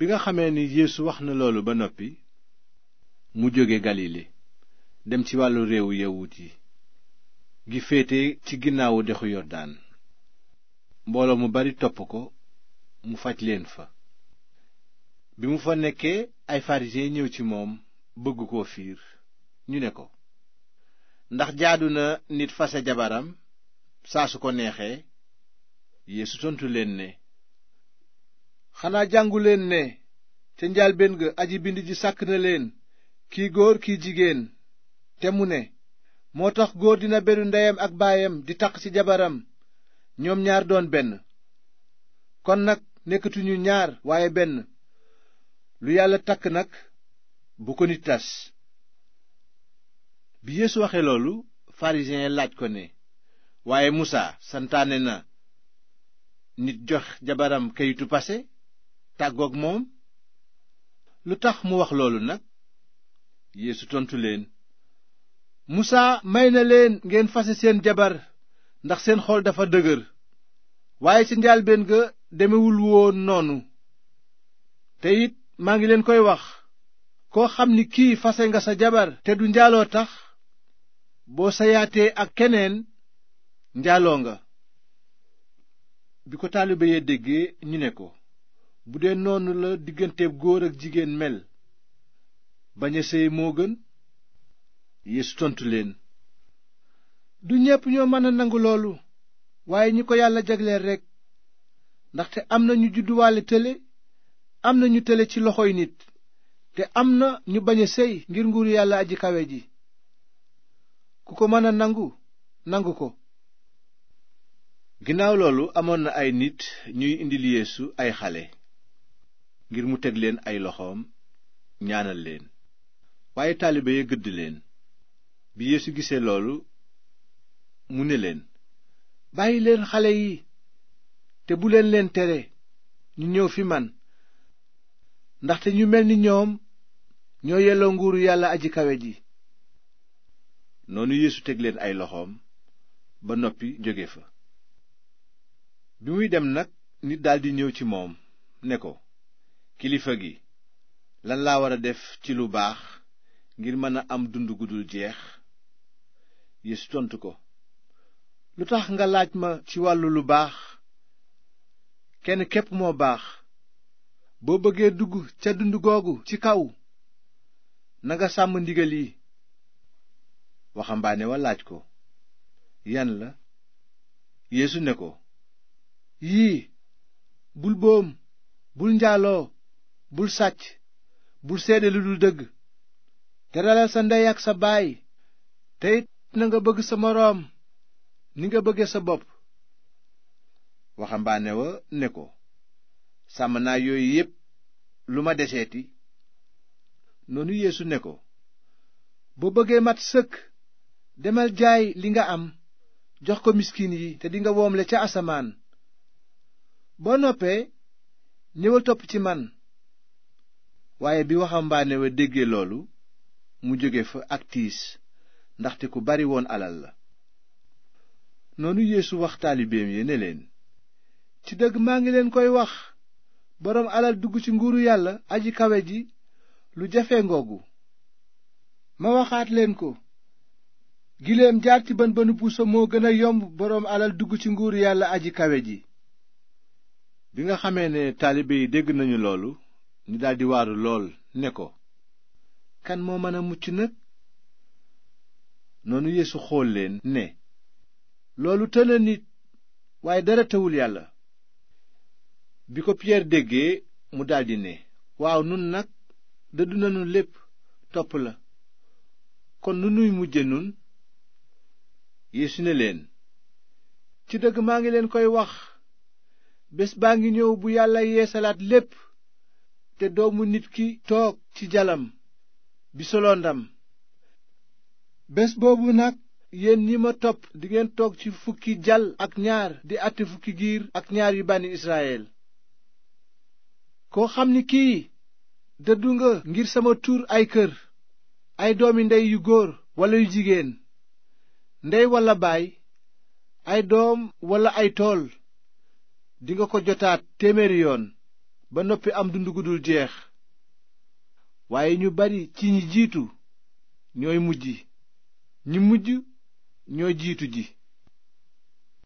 bi nga xamee ni yéesu wax na loolu ba noppi mu jóge galile dem ci wàllu réewu yawut yi gi féete ci ginnaawu dexu yordaan mbooloo mu bari topp ko mu faj leen fa bi mu fa nekkee ay farisiyen ñëw ci moom bëgg koo fiir ñu ne ko ndax jaadu na nit fase jabaram saa su ko neexee yéesu tontu leen ne xanaa jànguleen ne ca njàlbéen ga aji bind ji sàkk na leen kii góor kii jigéen te mu ne moo tax góor dina beru ndeyam ak baayam di taq ci jabaram ñoom ñaar doon benn kon nag nekkatuñu ñaar waaye benn lu yàlla takk nag bu ko nit tas bi yeesu waxe loolu pharisien yi laaj ko ne waaye musaa santaane na nit jox jabaram kayitu pase tàggook moom lu tax mu wax loolu nag Yeesu tontu leen Musaa may na leen ngeen fase seen jabar ndax seen xool dafa dëgër waaye ci njaalbeen ga demewul woon noonu te it maa ngi leen koy wax koo xam ni kii fase nga sa jabar te du njaaloo tax boo sayaatee ak keneen njaaloo nga bi ko taalibe déggee ñu ne ko bu dee noonu la digganteeb góor ak jigéen mel bañ a séy moo gën Yeesu tontu leen du ñépp ñoo mën a nangu loolu waaye ñi ko yàlla jagleel rekk ndaxte am na ñu judduwaale tële am na ñu tële ci loxoy nit te am na ñu bañ a séy ngir nguuru yàlla aji kawe ji ku ko mën a nangu nangu ko ginnaaw loolu amoon na ay nit ñuy indil Yeesu ay xale ngir mu teg leen ay loxoom ñaanal leen waaye taalibe ya gëdd leen bi yeesu gisee loolu mu ne leen bàyyi leen xale yi te bu leen leen tere ñu ñëw fi man ndaxte ñu mel ni ñoom ñoo yelloo nguuru yàlla aji kawe ji noonu yeesu teg leen ay loxoom ba noppi jóge fa bi muy dem nag nit daldi ñëw ci moom ne ko kilifa gi lan laa war a def ci lu baax ngir mën a am dund gu dul jeex Yeesu tontu ko lu tax nga laaj ma ci wàllu lu baax kenn képp moo baax boo bëggee dugg ca dund googu ci kaw nanga sàmm ndigal yi waxambaane wa laaj ko yan la Yeesu ne ko yii bul boom bul njaaloo bul sàcc bul seede lu dul dëgg teralal sa ndey ak sa baay te na nga bëgg sa moroom ni nga bëgge sa bopp waxambaane wa ne ko sàmm naa yooyu yépp lu ma deseeti noonu yeesu ne ko boo bëggee mat sëkk demal jaay li nga am jox ko miskin yi te dinga woomle ca asamaan boo noppee ñëwal topp ci man waaye bi waxambaane wa déggee loolu mu jóge fa ak tiis ndaxte ku bari woon alal la noonu yéesu wax taalibeem yi ne leen ci dëgg maa ngi leen koy wax boroom alal dugg ci nguuru yàlla aji kawe ji lu jafe ngoogu ma waxaat leen ko giléem jaar ci bën bënu puso moo gën a yomb boroom alal dugg ci nguuru yàlla aji kawe ji bi nga xamee ne taalibe yi dégg nañu loolu ñu daldi waaru lool ne ko kan moo mën a mucc nag noonu yeesu xool leen ne loolu tëna nit waaye dara tawul yàlla bi ko piyeer déggee mu daldi ne waaw nun nag dëddu nanu lépp topp la kon nu nuy mujje nun yeesu ne leen ci dëgg maa ngi leen koy wax bés baa ngi ñëw bu yàlla yeesalaat lépp te doomu nit ki toog ci jalam bi solo ndam bés boobu nag yéen ñi ma topp dingeen toog ci fukki jal ak ñaar di àtte fukki giir ak ñaar yu bànni Israyil koo xam ni kii dëddu nga ngir sama tur ay kër ay doomi ndey yu góor walla yu jigéen ndey walla baay ay doom walla ay tool dinga ko jotaat téeméeri yoon ba noppi am dund gu dul jeex waaye ñu bari ci ñi jiitu ñooy mujj ñi mujj ñooy jiitu ji